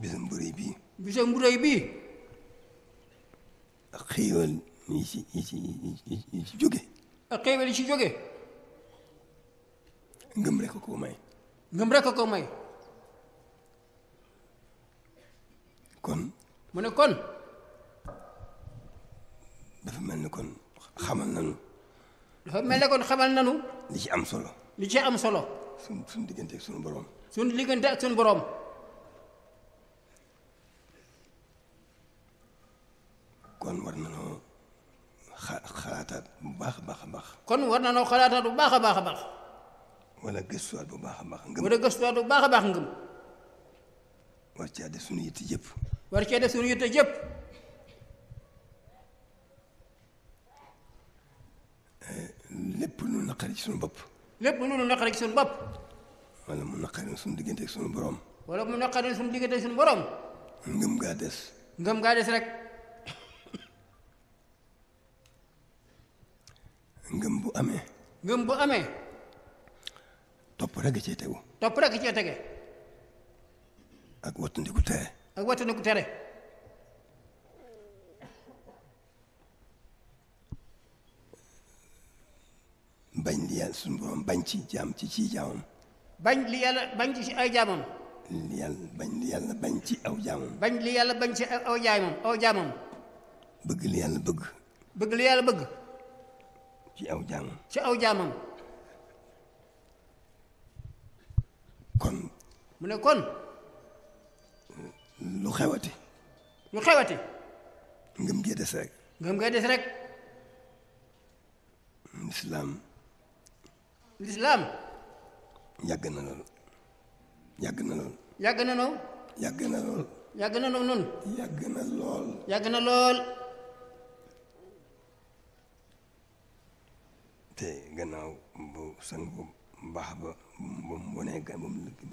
بزنبوري بي بزنبوري بي أقيول يشي يشي يشي جوجي أقيول يشي جوجي نغمرك كوماي نغمرك كوماي كون من كون dafa mel ni kon xamal nanu dafa mel ni kon xamal nanu li ci am solo li ci am solo suñ suñ diggante ak suñu borom suñ diggante ak suñu borom kon war na noo xalaataat bu baax a baax a baax. wala gëstuwaat bu baax a baax ngëm. wala gëstuwaat bu baax a baax ngëm. war caa def suñu yitte jëpp. war caa def suñu yitte jëpp. lépp lu naqari ci suñu bopp. lépp lu naqari ci suñu bopp. wala mu naqari suñu diggante ak suñu borom. wala mu naqari suñu diggante ak suñu borom. ngëm gaa des. ngëm gaa des rek. ngëm bu amee. ngëm bu amee. topp rek cee tegu. topp rek cee tege. ak wattandiku tere. ak tere. bañ li yàlla suñu borom bañ ci jaam ci ci jaamam. bañ li yàlla bañ ci ay jaamam. li yàlla bañ li yàlla bañ ci aw jaamam. bañ li yàlla bañ ci aw jaamam aw jaamam. bëgg ci aw jaamam ci aw jaamam kon mu ne kon lu xewati lu xewati ngëm gee des rek ngëm gee des rek lislaam lislaam yàgg na lool yàgg na lool yàgg na lool yàgg na lool yàgg na yàgg na lool yàgg na lool gannaaw bu sang bu baax ba bu mu wonee ga bu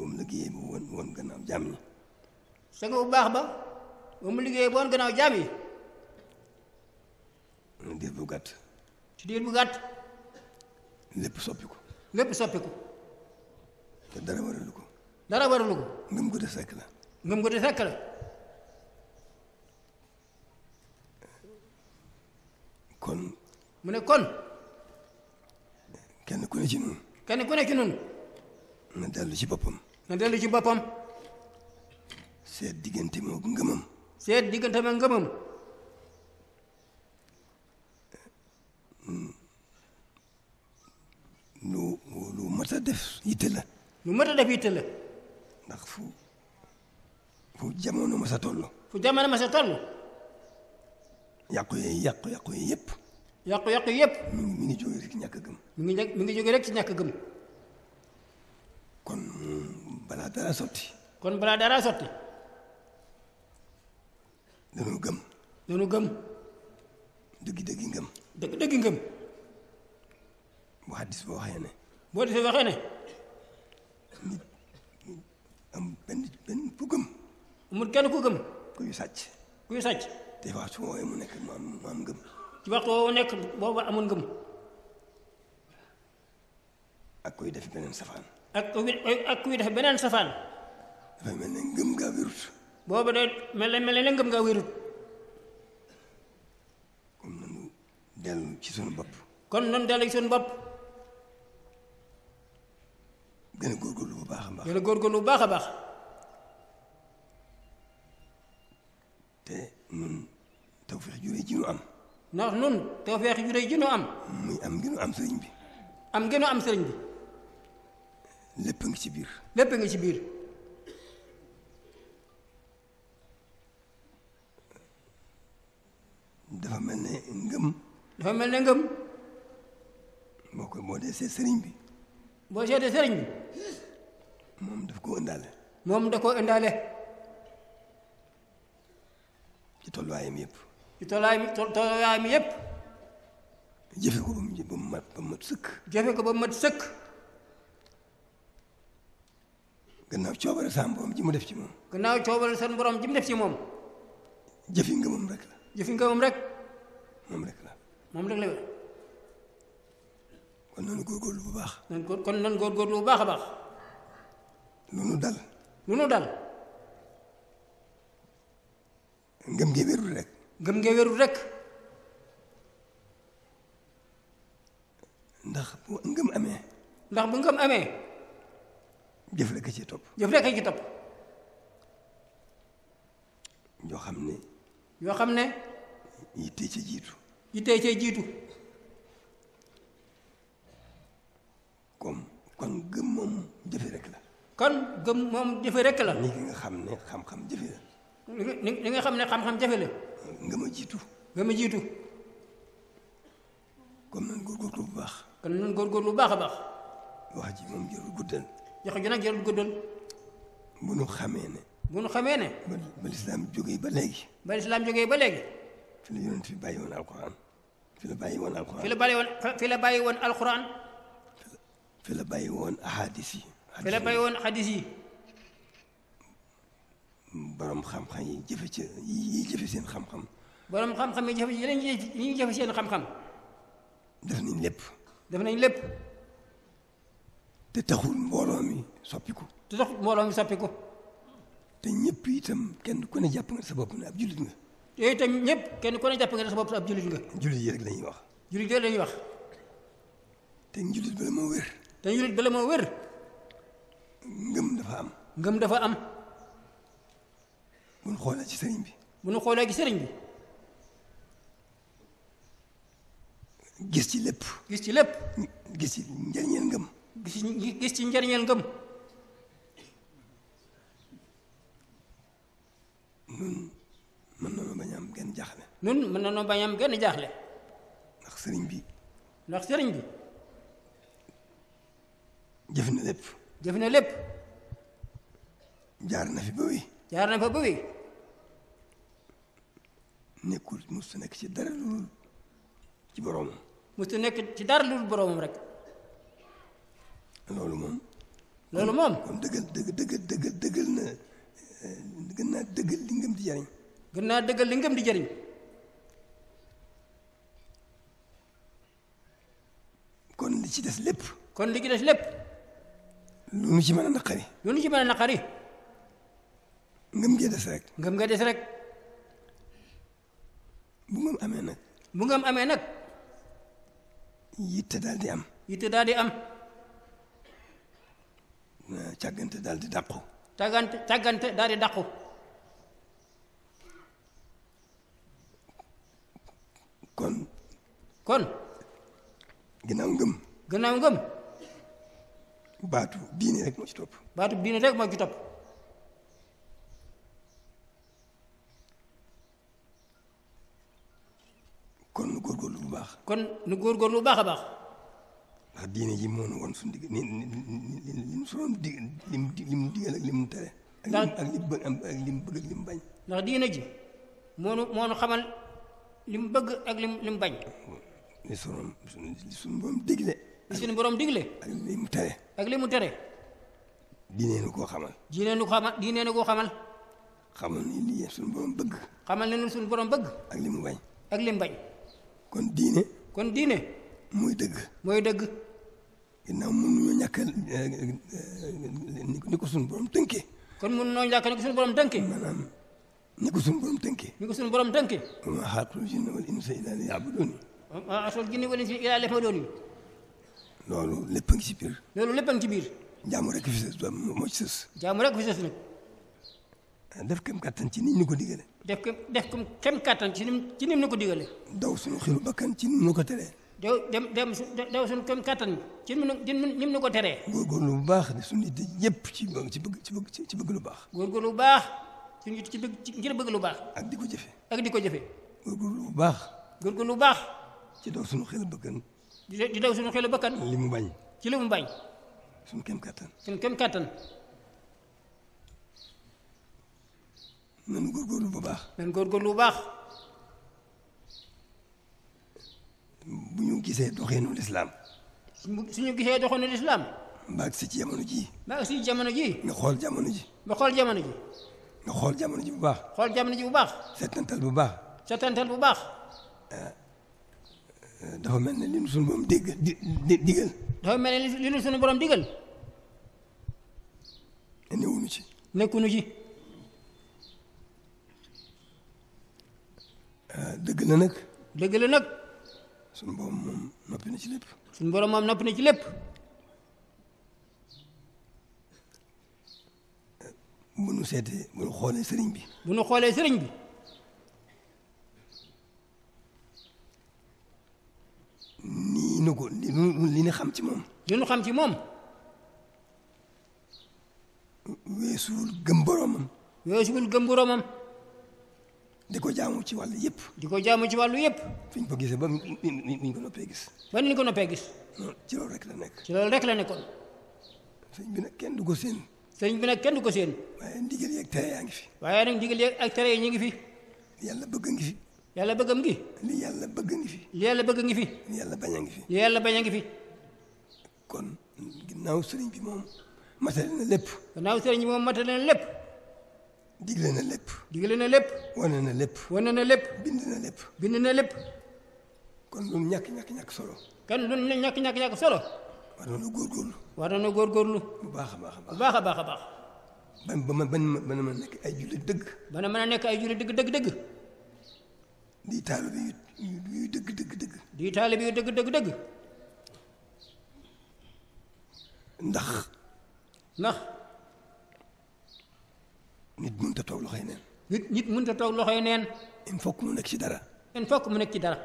mu liggéey bu woon woon gannaaw jaam bu baax ba bu mu liggéey bu woon gannaaw jaam yi bu gàtt ci bu gàtt lépp soppiku lépp soppiku te dara waralu ko dara waralu ko ngëm gu de sekk la ngëm kon mu kon ku ne ci nun kenn na dellu ci boppam na dellu ci boppam seet diggante moo ngëmam seet diggante moo ngëmam lu lu mat a def yitte la lu mat a def yitte la ndax fu fu jamono ma sa toll fu jamono ma sa toll yàqu yooyu yàqu yàqu yooyu yëpp yàqu-yàqu yépp mi ngi jóge rek ci ñàkk gëm mi ngi mi ngi jóge rek ci ñàkk gëm kon balaa dara sotti kon balaa dara sotti dañu gëm dañu gëm dëgg dëggi ngëm dëgg dëggi ngëm bu hàddis boo waxee ne boo defee waxee ne nit am benn benn ku gëm amul kenn ku gëm kuy sàcc kuy sàcc te wax su woowee mu nekk mu am mu am ngëm ci waxtu woowu nekk boobu amoon ngëm ak kuy def beneen safaan ak ak kuy def beneen safaan dafay mel ne ngëm ngaa wérut boobu de mel ne mel ne ngëm ngaa kon nanu dellu ci suñu bopp kon nanu dellu ci suñu bopp gën a góorgóorlu bu baax a baax gën a góorgóorlu baax a baax te nun tawfeex jure ji am ndax nun tawfeex ju rëy ji am. muy am gënu am sëriñ bi. am gënu am sëriñ bi. lépp ngi ci biir. lépp ngi ci biir. dafa mel ne ngëm. dafa mel ne ngëm. boo ko boo dee see sëriñ bi. boo seetee sëriñ bi. moom daf koo indaale. moom da koo indaale. ci tolluwaayam yëpp. ci tolluwaay mi tolluwaay ko ba mat ba mu mat sëkk. jëfe ko ba mu mu def ci moom. gannaaw coobare sa borom ji mu def ci moom. jëfi ngëmam rek rek. moom rek la. moom rek la wér. kon nan góorgóorlu baax. baax a baax. lu nu dal. lu dal. ngëm gi wérul gëm nga wérul rekk ndax bu ngëm amee ndax bu ngëm amee jëf rekk ci topp jëf rekk ci topp yoo xam ne yoo xam ne yittee ci jiitu yittee ci jiitu comme kon gëm moom jëfe rekk la kon gëm moom jëfe rekk la ni nga xam ne xam-xam jëfe la ni nga xam ne xam-xam jëfe la nga ma jiitu. nga ma jiitu. kon nan góorgóorlu bu baax. kon nan góorgóorlu bu baax a baax. wax ji moom jarul guddal. jox ji nag jarul guddal. bu nu xamee ne. bu nu xamee ne. ba ba lislaam jógee ba léegi. ba lislaam jógee ba léegi. fi la yonent fi woon alquran. fi la bàyyi alquran. fi la bàyyi woon fi la bàyyi woon borom xam-xam yi jëfe ci yi jëfe seen xam-xam borom xam-xam yi jëfe ci yeneen yi jëfe seen xam-xam def nañ lépp def nañ lépp te taxul mbooloo mi soppiku te taxul mbooloo mi soppiku te ñëpp itam kenn ku ne jàpp nga sa bopp ne ab jullit nga te itam ñëpp kenn ku ne jàpp nga sa bopp ab jullit nga jullit yi rek lañuy wax jullit yi lañuy wax te jullit bala moo wér te jullit bala moo wér ngëm dafa am ngëm dafa am bu nu ci sëriñ bi. bu nu xoolee ci sëriñ bi. gis ci lépp. gis ci lépp. gis ci njëriñeel ngëm. gis ci gis ci nun mën nañoo bañ a am genn jaaxle. nun mën nañoo bañ genn jaaxle. ndax sëriñ bi. ndax sëriñ bi. jëf na lépp. jëf na lépp. jaar na fi ba wéy. jaar na fa ba wéy. nekkul musta nekk ci dara lu ci boroomam musta nekk ci dara lu boroomam rek loolu moom loolu moom kon dëggal dëgg dëggal dëggal na eh, gën naa di jariñ gën naa dëggal li ngëm di jariñ kon li ci des lépp kon li ci des lépp lu nu ci mën a naqari lu nu ci mën a naqari nga des rek ngëm amee nag. bu ngëm amee nag. yitte daldi am. yitte daal di am. Eh, càggante daldi di dàqu. càggante càggante daal di dàqu. kon. kon. ginnaaw ngëm. ginnaaw ngëm. baatu diine rek moo ci topp. baatu diine rek moo ci topp. kon nu góorgóorlu bu baax a baax ndax diine ji moo nu woon suñu digg ni lim soon dig lim digal ak lim tere ak lim bëgg ak lim bëgg ak lim bañ ndax diine ji moo nu moo nu xamal lim bëgg ak lim lim bañ li suñu suñu borom digle li suñu borom digle ak li mu tere ak li mu tere diine nu koo xamal diine nu xamal diine nu koo xamal xamal ni li suñu borom bëgg xamal ni suñu borom bëgg ak li mu bañ ak li mu bañ kon diine kon diine. mooy dëgg. mooy dëgg. ginnaaw mënuñoo ñàkk eh, eh, ni ko suñu borom tënkee. kon mënuñoo ñàkk ni ko suñu borom tënkee. maanaam ni ko suñu borom tënkee. ni ko suñu borom tënkee. wa maa xalaqtul jinna wal insa illaa liya'buduun. wa maa xalaqtul jinna wal insa illaa liya'buduun. loolu lépp a ci biir. loolu lépp a ngi ci biir. jaamu rek fi rek fi sës nag. def kem kàttan ci ni ñu ko digale def kem def kem kàttan ci ni ci ni ñu ko digale daw suñu xilu bakkan ci ni ñu ko daw dem dem su daw suñu kem kàttan ci ni mu ñu ko teree. góorgóorlu bu baax di suñu nit yëpp ci ci bëgg ci bëgg lu baax. góorgóorlu bu baax suñu nit ci bëgg ci ngir bëgg lu baax. ak di ko jëfe ak di ko jëfe góorgóorlu bu baax. góorgóorlu baax. ci daw suñu xilu bakkan. di daw suñu xilu bakkan. li mu bañ. ci li mu bañ. suñu kem kàttan. suñu kem kàttan. nan góorgóorlu bu baax. nan góorgóorlu bu baax. bu ñu gisee doxinu lislaam. suñu gisee doxinu lislaam. mbaag si ci jamono ji. mbaag si jamono ji. nga xool jamono ji. nga xool jamono ji. nga xool jamono ji bu baax. xool jamono ji bu baax. setantal bu baax. setantal bu baax. dafa mel ne li nu suñu borom dégg di digal. dafa mel ne li nu suñu borom digal. newunu ci. nekkunu ci. dëgg la nag. dëgg nag. suñu borom moom noppi na ci lépp. suñu borom moom noppi na ci lépp. bu nu seetee bu nu xoolee sëriñ bi. xoolee sëriñ bi. nii nu li nu li xam ci moom. li nu xam ci moom. weesuwul gëm boromam. weesuwul gëm boromam. di ko jaamu ci wàllu yëpp. di ko jaamu ci wàllu yëpp. fi ñu ko gisee ba mi mi ko noppee gis. ba ni ko noppee gis. ci loolu rek la nekk. ci loolu rek la nekkoon. bi nag kenn du ko seen. sëñ bi nag kenn du ko seen. ngi fi. waaye nag ndigal yeeg ak tere yi ñu ngi fi. yàlla bëgg ngi fi. yàlla bëggam ngi. li yàlla bëgg ngi fi. li yàlla bëgg ngi fi. li yàlla bañ a ngi fi. li bañ a ngi fi. kon ginnaaw sëriñ bi moom matale lépp. ginnaaw sëriñ bi moom matale na lépp. digle na lépp. digle na lépp. wane na lépp. wane na lépp. bind na lépp. bind na lépp. kon lu mu ñàkk ñàkk ñàkk solo. kon lu mu ñàkk ñàkk ñàkk solo. war nañoo góorgóorlu. war nañoo góorgóorlu. bu baax a baax a baax bu baax a baax a baax. ban ba ma ban ma mën a nekk ay jullit dëgg. ba mën a nekk ay jullit dëgg dëgg dëgg. di taalibe yu yu dëgg dëgg dëgg. di taalibe yu dëgg dëgg dëgg. ndax. ndax. nit mënta toog loxoy neen nit nit mënta toog loxoy neen il faut mu nekk ci dara il faut mu nekk ci dara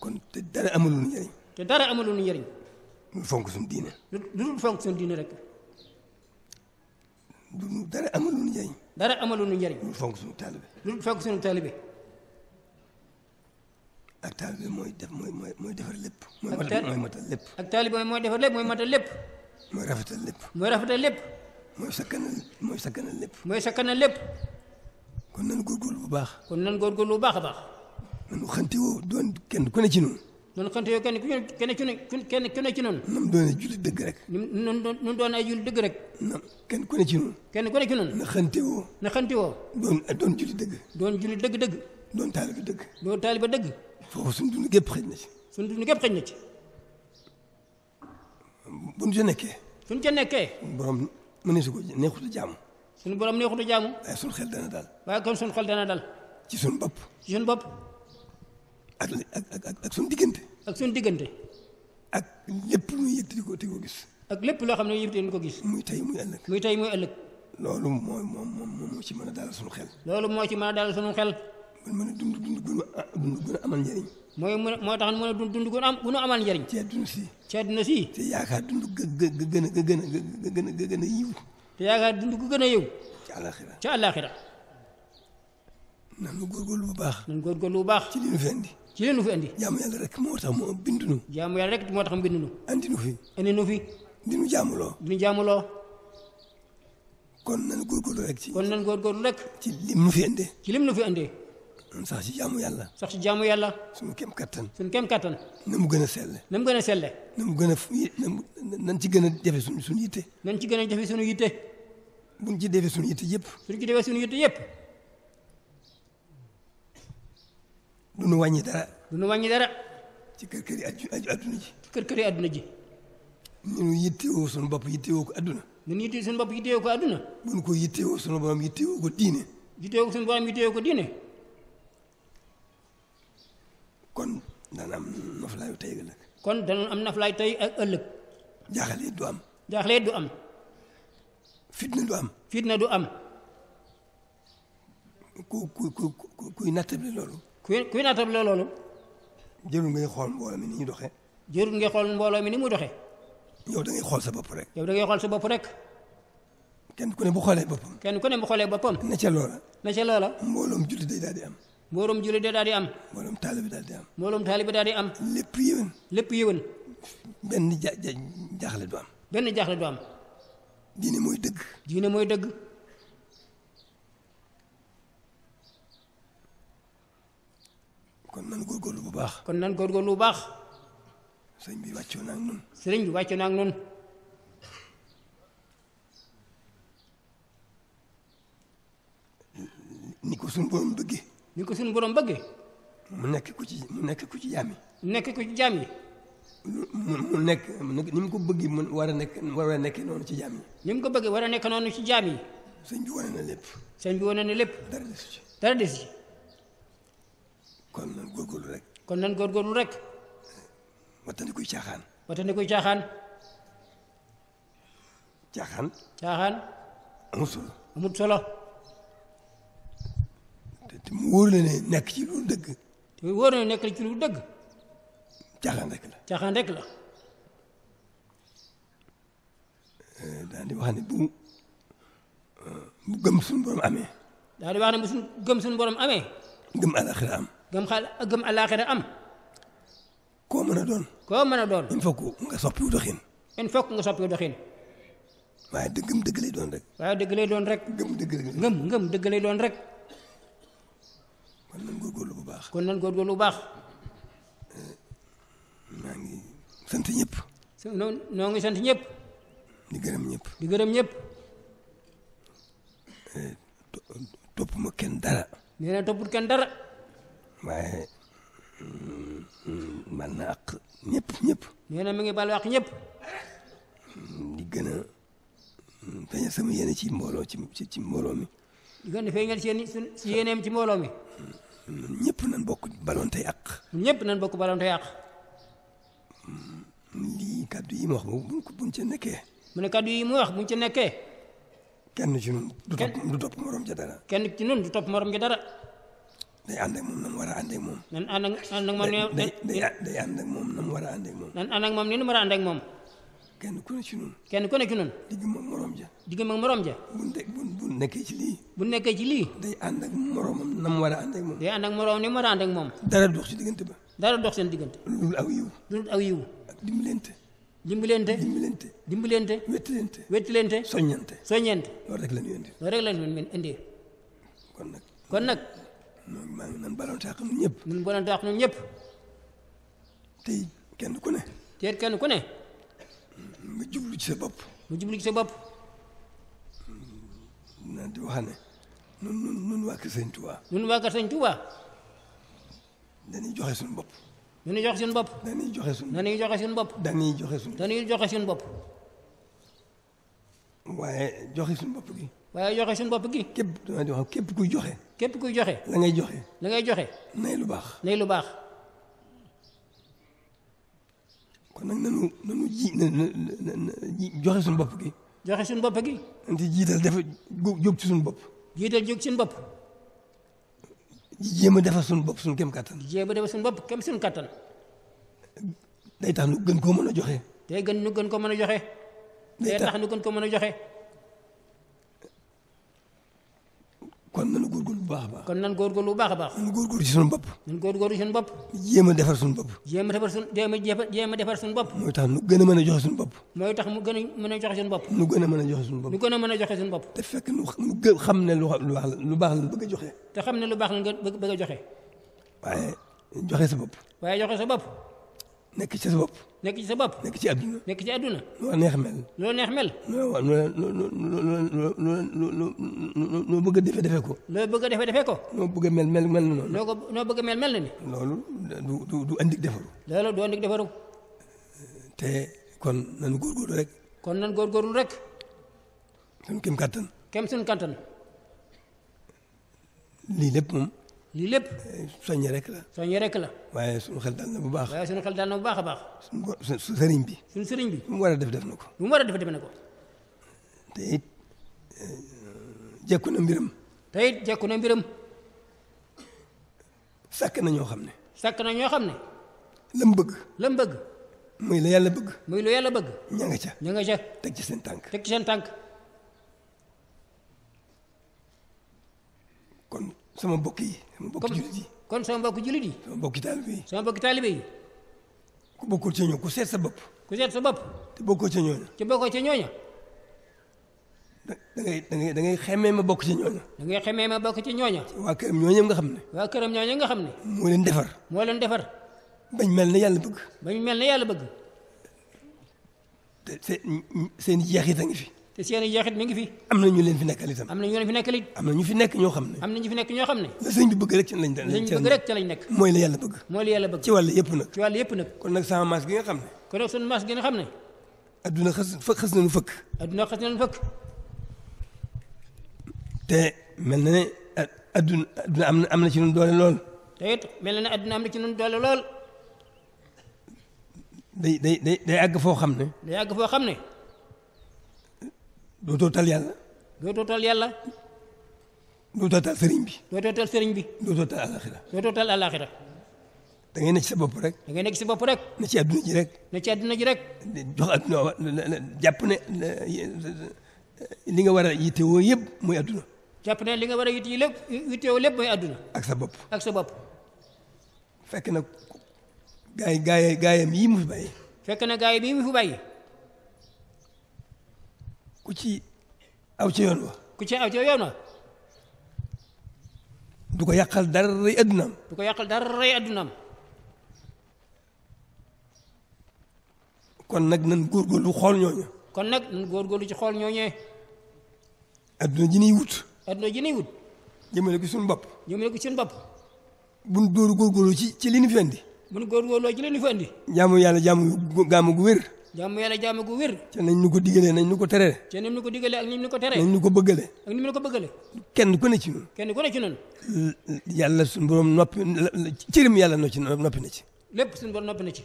kon te dara amul lu njëriñ te dara amul lu njëriñ lu fonk suñu diine lu dul fonk suñu diine rek du dara amul lu njëriñ dara amul lu njëriñ lu fonk suñu taalibe lu fonk suñu taalibe ak taalibe mooy def mooy mooy mooy defar lépp mooy matal lépp ak taalibe mooy defar lépp mooy matal lépp mooy rafetal lépp mooy rafetal lépp mooy sakkanal mooy sakkanal lépp. mooy sakkanal lépp. kon nan góorgóorlu bu baax. kon nan góorgóorlu bu baax a baax. nanu xantewoo doon kenn ku ne ci noonu. nanu xantewoo kenn ku ne ci noonu kenn ku ne ci noonu. nam doon ay jullit dëgg rek. nun nun doon ay jullit dëgg rek. nam kenn ku ne ci noonu. kenn ku ne ci noonu. na xantewoo. na xantewoo. doon doon jullit dëgg. doon jullit dëgg dëgg. doon taaliba dëgg. doon taaliba dëgg. foofu suñu dund gépp xëj na ci. suñu dund gépp xëj na ci. buñ ca nekkee. suñ ca nekkee. borom mëneesu ko neexutu jaamu. suñu borom neexutu jaamu. waaye suñu xel dana dal. waaye kon suñu xel dana dal. ci suñu bopp. ci suñu bopp. ak ak ak ak diggante. ak suñu diggante. ak lépp lu ñuy yëg ko gis. ak lépp loo xam ne yëg di ko gis. muy tey muy ëllëg. muy tey muy ëllëg. loolu mooy moom moom moo ci mën a dalal suñu xel. loolu moo ci mën a dalal suñu xel. mën a dund dund gun ah, amal njëriñ mooy moo tax mën a dund dund gun am gun amal njëriñ ci si ci àdduna si te yaakaar dund gën a gën a gën a gën a yiw te yaakaar dund gu gën a yiw ci àllaaxira ci àllaaxira nan góorgóorlu bu baax nan góorgóorlu bu baax ci li ci li nu fi indi jaamu yàlla rek moo tax moo nu jaamu yàlla rek moo tax bindu nu andi nu fi andi nu fi di nu jaamuloo kon nan góorgóorlu rek ci kon rek ci lim nu fi indee sax ci jaamu yàlla. sax ci jaamu yàlla. suñu kem kattan. suñu kem kattan. na mu gën a selle. na mu gën a selle. na mu gën a nañ ci gën a jafe suñu suñu yitte. nañ ci gën a jafe suñu yitte. buñ ci defee suñu yitte yëpp. suñ ci defee suñu yitte yëpp. du nu wàññi dara. du nu wàññi dara. ci kër kër yi adduna ji. ci kër kër yi adduna ji. ñu yittewoo suñu bopp yittewoo ko adduna. ñu yittewoo suñu bopp yittewoo ko adduna. buñ ko yittewoo suñu borom yittewoo ko diine. yittewoo suñu borom yittewoo ko diine. kon dana am naflaayu tey kon dana am naflaayu tey ak ëllëg. jaaxle it du am. jaaxle it du am. fitna du am. fitna du am. ku ku ku kuy nattable loolu. kuy kuy nattable loolu. jërul ngay xool mbooloo mi ni ñu doxee. jërul ngay xool mbooloo mi ni muy doxee. yow da xool sa bopp rek. yow da ngay xool sa bopp rek. kenn ku ne bu xoolee boppam. kenn ku ne bu xoolee boppam. na loola. na ca loola. mbooloom jullit day daal am. mbooloom jullit da daal di am. mbooloom taalibe daal di am. lépp yéwén. lépp yéwén. benn ja ja jaaxle du am. benn jaaxle du am. diine mooy dëgg. diine mooy dëgg. kon nan góorgóorlu bu baax. kon nan góorgóorlu bu baax. sëriñ bi wàccoo na nun. sëriñ bi wàccoo na ak nun. ni ko sunu borom bëggee. ni ko suñu borom bëggee. mu nekk ku ci mu nekk ku ci jaam yi. ci jaam yi. mu nekk ni mu ko bëggee mu war a nekk war noonu ci jaam yi. ni ko bëggee war nekk noonu ci jaam yi. sëñ bi wane na lépp. sëñ bi wane na lépp. dara desu dara desu kon nan góorgóorlu rek. kon nan góorgóorlu rek. watandikuy caaxaan. watandikuy caaxaan. caaxaan. caaxaan. amul solo amul te mu nekk ci lu dëgg. te mu nekk ci lu dëgg. caaxaan rek la caaxaan rek la. Eh, daal di wax ne bu eh, bu gëm suñu borom ame daal di wax ne bu gëm suñu borom amee. gëm àllaaxira am. gëm xaal am. koo mën a doon. koo mën a doon. il faut que nga soppiwu doxin. il faut nga soppiwu doxin. waaye dëgg gëm doon rek. waaye dëgg lay dëgg lay doon rek. kon nan góorgóorlu bu baax. kon nan góorgóorlu bu baax. Eh, maa ngi sant ñëpp. noo noo ngi sant ñëpp. di gërëm di gërëm ñëpp. Eh, topp ma kenn dara. nee na topput dara. waaye mm, mm, man na àq ñëpp ñëpp. nee na mi ngi baal àq ñëpp. di gën a mm, feeñal sama yéene ci mbooloo ci ci mbooloo mi. di gën a feeñal seen ci mbooloo ñëpp nañ bokk balonte yàq. ñëpp nañ bokk balonte yàq. lii kaddu yi mu wax moom buñ ca nekkee. mu ne kaddu yi mu wax buñ ca nekkee. kenn ci nun du topp du topp morom ja dara. kenn ci nun du topp morom ja dara. day ànd ak moom na mu war a ànd ak moom. nan ànd ak ànd ak moom day day ànd ak moom na mu war a ànd ak moom. nan ànd ak moom ni mu war a ànd ak moom. kenn ku ne ci nun kenn ku ne ci morom ja digg ma morom ja bu nekk bu ci lii bu nekkee ci lii day ànd ak moromam na mu war moom day ànd ak moroom dara dox ci diggante ba dara dox seen diggante lu aw yiw lu aw yiw ak dimbalante dimbalante dimbalante dimbalante wettilante wettilante soññante soññante loolu rek la ñu indi nag kon nag noonu maa nan balonte ak ñun ñëpp nun balonte ku kenn ku ne jublu ci sa bopp. bul jublu ci sa bopp. naan di wax ne nun nun nun waa kër Sëñ Tuubaa. nun waa kër Sëñ Tuubaa. dañuy joxe suñu bopp. dañuy joxe suñu bopp. dañuy joxe suñu bopp. dañuy joxe suñu bopp. dañuy joxe suñu. dañuy joxe suñu bopp. waaye joxe suñu bopp gi. waaye joxe suñu bopp gi. képp damaa di wax képp kuy joxe. képp kuy joxe. la ngay joxe. la ngay joxe. nay lu baax. nay lu baax. kon nag nanu nanu joxe suñu bopp gi. joxe suñu bopp gi. di jiital dafa jóg ci suñu bopp. jiital jóg ci bopp. jéem a defar suñu bopp suñu kem kattan. jéem a defar suñu bopp kem suñu kattan. day tax nu gën koo mën a joxe. day gën nu gën ko mën a joxe. day tax nu gën ko mën a joxe. kon nañu góorgóorlu bu baax a baax. kon nañu góorgóorlu bu baax a baax. nañu góorgóorlu ci suñu bopp. nañu góorgóorlu ci suñu bopp. jéem a defar suñu bopp. jéem a defar suñu jéem a jéem a defar suñu bopp. mooy tax mu gën a mën a joxe suñu bopp. mooy tax mu gën a mën a joxe suñu bopp. mu gën a mën a joxe suñu bopp. mu gën a mën a joxe suñu bopp. te fekk nu xam ne lu baax la lu baax la bëgg a joxe. te xam ne lu baax la nga bëgg a joxe. waaye joxe sa bopp. waaye joxe sa bopp. nekk ci sa bopp. nekk ci sa bopp. nekk ci àdduna. nekk ci àdduna. loo neex mel. loo neex mel. loo loo bëgg a ko. loo bëgg a defee ko. loo bëgg a mel mel mel na noonu. loo bëgg a mel mel na ni. loolu du du du andi du andi defaru. te kon nañu góorgóorlu rek. kon nañu góorgóorlu rek. suñu kem kattan. kem suñu kattan. lii lépp lii lépp. soññe rek la. soññe rek la. waaye suñu xel dal na bu baax. waaye suñu xel dal na bu baax a baax. suñu sëriñ bi. suñu sëriñ bi. lu war a def def na ko. lu mu war a def def na ko. te it eh, jekku na mbiram. te it jekku na xam ne. sàkk na ñoo xam ne. lam bëgg. lam bëgg. muy la yàlla bëgg. muy lu yàlla bëgg. ña nga ca. ña nga ca. teg ci seen tànk. teg seen tànk. sama mbokk yi sama mbokk jullit yi kon sama mbokk jullit yi sama mbokk taalibe yi sama mbokk taalibe yi ku bokkoo ci ñoo ku seet sa bopp ku set sa bopp te bokkoo ci ñooña te bokkoo ci ñooña da ngay da ngay ma bokk ci ñooña da ngay xemee ma bokk ci ñooña waa këram nga xam ne waa këram ñooña nga xam ne moo leen defar moo leen defar bañ mel na yàlla bëgg bañ mel na yàlla bëgg te seen seen jeexit a ngi fi te seen i jeexit mi ngi fi. am na ñu leen fi nekkal itam. am na ñu leen fi nekkal it. am na ñu fi nekk ñoo xam ne. am na ñu fi nekk ñoo xam ne. la sëñ bi bëgg rek ca lañ daan. lañ bëgg rek ca lañ nekk. mooy la yàlla bëgg. mooy la yàlla bëgg. ci wàll yëpp nag. ci wàll yëpp nag. kon nag sama maas gi nga xam ne. kon nag sunu maas gi nga xam ne. adduna xas xas nañu fëkk. adduna xas nañu fëkk. te mel na ne adduna adduna am na am na ci ñun doole lool. te it mel na ne adduna am na ci ñun doole lool. day day day day àgg foo xam ne. day àgg foo xam ne. dootoo tal yàlla. dootoo tal yàlla. sëriñ bi. dootoo tal sëriñ bi. dootoo tal alaxira. dootoo tal alaxira. da ngay nekk ci sa bopp rek. da ngay nekk ci bopp rek. na ci àdduna ji rek. na ci àdduna ji rek. jox àdduna jàpp ne li nga war a yittewoo yëpp mooy jàpp ne li nga war a yitte lépp yittewoo lépp mooy ak sa bopp ak sa bopp. fekk na gaay gaay gaayam yii mu fi bàyyi. fekk na gaay bii mu fi bàyyi. ku ci aw ci yoon wa ku ci yoon wa du ko yàqal dara yi addunaam du ko yàqal dara yi kon nag nan góorgóorlu xool ñooñu kon nag nan góorgóorlu ci xool ñooñee adduna ji niy wut adduna ji niy wut jëmale ko suñu bopp jëmale ko suñu bopp bu nu dóoru ci ci li ñu fi andi bu nu góorgóorloo ci li ñu fi andi jaamu yàlla jaamu gaamu gu jaamu yalla jaamu gu wér ca nañ ñu ko digalee nañ ñu ko teree ca nañ ñu ko digalee ak ni ñu ko teree nañ ñu ko bëggalee ak ni ñu ko bëggalee kenn ku ne ci ñun kenn ku ne ci ñun yàlla borom noppi cërim yàlla ci noppi na ci lépp suñu borom noppi na ci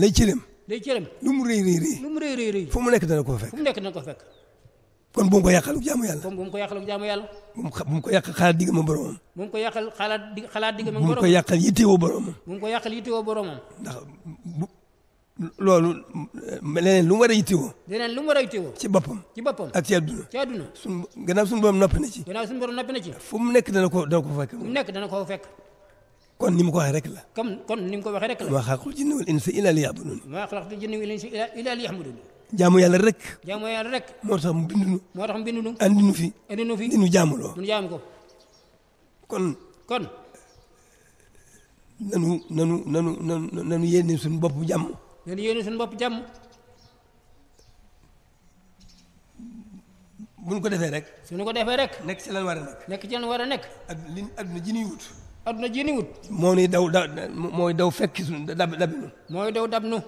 lay cërim lay cërim lu mu rëy rëy rëy lu mu rëy rëy rëy mu nekk dana ko fekk nekk dana ko fekk kon bu mu ko yàqal jaamu yàlla kon bu mu ko yàqal jaamu yàlla bu mu bu ko yàqal xalaat digg ma boromam bu mu ko yàqal xalaat digg xalaat digg ma boromam bu mu ko yàqal yittewoo boromam bu mu ko loolu eh, leneen lu mu war a yittewoo. leneen lu mu war a yittewoo. ci boppam. ci boppam ak ci àdduna. ci àdduna suñ gannaaw suñu borom noppi na ci. gannaaw suñu borom noppi na ci. fu mu nekk dana ko dana fekk. nekk dana ko fekk. kon ni mu ko waxee rek la. comme kon ni mu ko waxee rek la. ma xalaqtul jinna wal insa illa liya'budun. ma xalaqtul jinna wal insa illa liya'budun. jaamu yàlla rek. jaamu yàlla rek. moo tax mu bindu nu. moo tax mu bindu nu. andi nu fi. andi nu fi di nu jaamuloo. di ko. kon. kon. nanu nanu nanu nanu yéene suñu bopp jàmm ñooñu yéene suñu bopp jàmm buñ ko defee rek suñu ko defee rek nekk ci lan war a nekk nekk ci lan war a nekk ak li adduna ji ñuy wut adduna ji ñuy moo ni daw da mooy daw fekki suñu dab dab nu mooy daw dab nu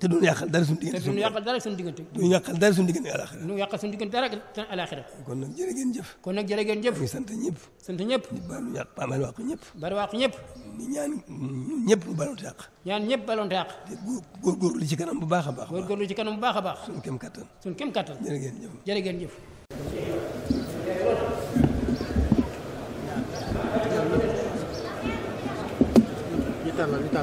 te duñu yàqal dara suñu diggante te duñu yàqal dara suñu diggante duñu yàqal dara suñu diggante alaxira duñu yàqal suñu diggante dara alaxira kon nag jërë ngeen jëf kon nag jërë ngeen jëf ñu sant ñëpp sant ñëpp di gugur yàq baal wàq ñëpp baal wàq ñëpp di ñaan ñëpp ñu balonte yàq ñaan ñëpp di góor góor lu ci kanam bu baax baax góor góor lu ci kanam bu baax suñu kem suñu kem jëf jëf ñu ñu ñu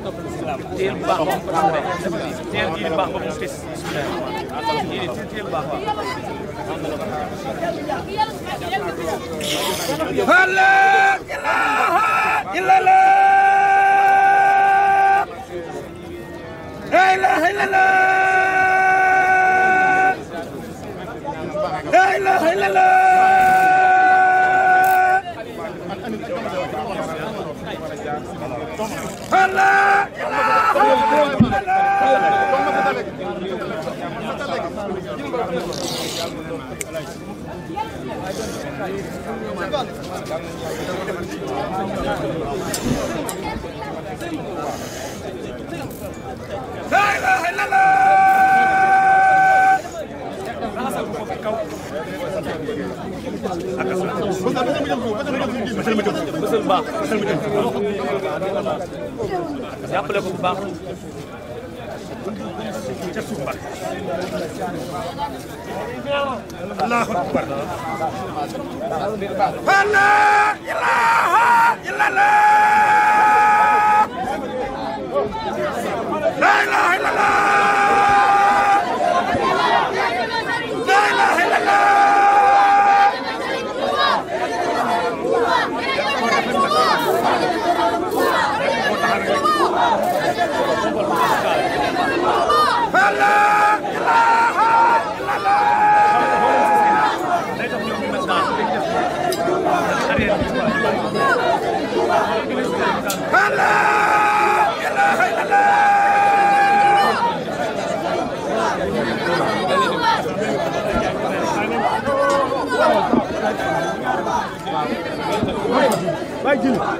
téel bu baax ba mu baax rek téel ji di baax ba mu fés. ji di téel baax waaw. Allah ilaha illallah. La ilaha illallah. La ilaha illallah. jàppale ko bu baax ca suuf ba allahu akbar 进去